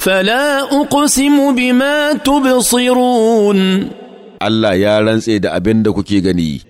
فلا أقسم بما تبصرون الله يا رنسي دا أبين دا غني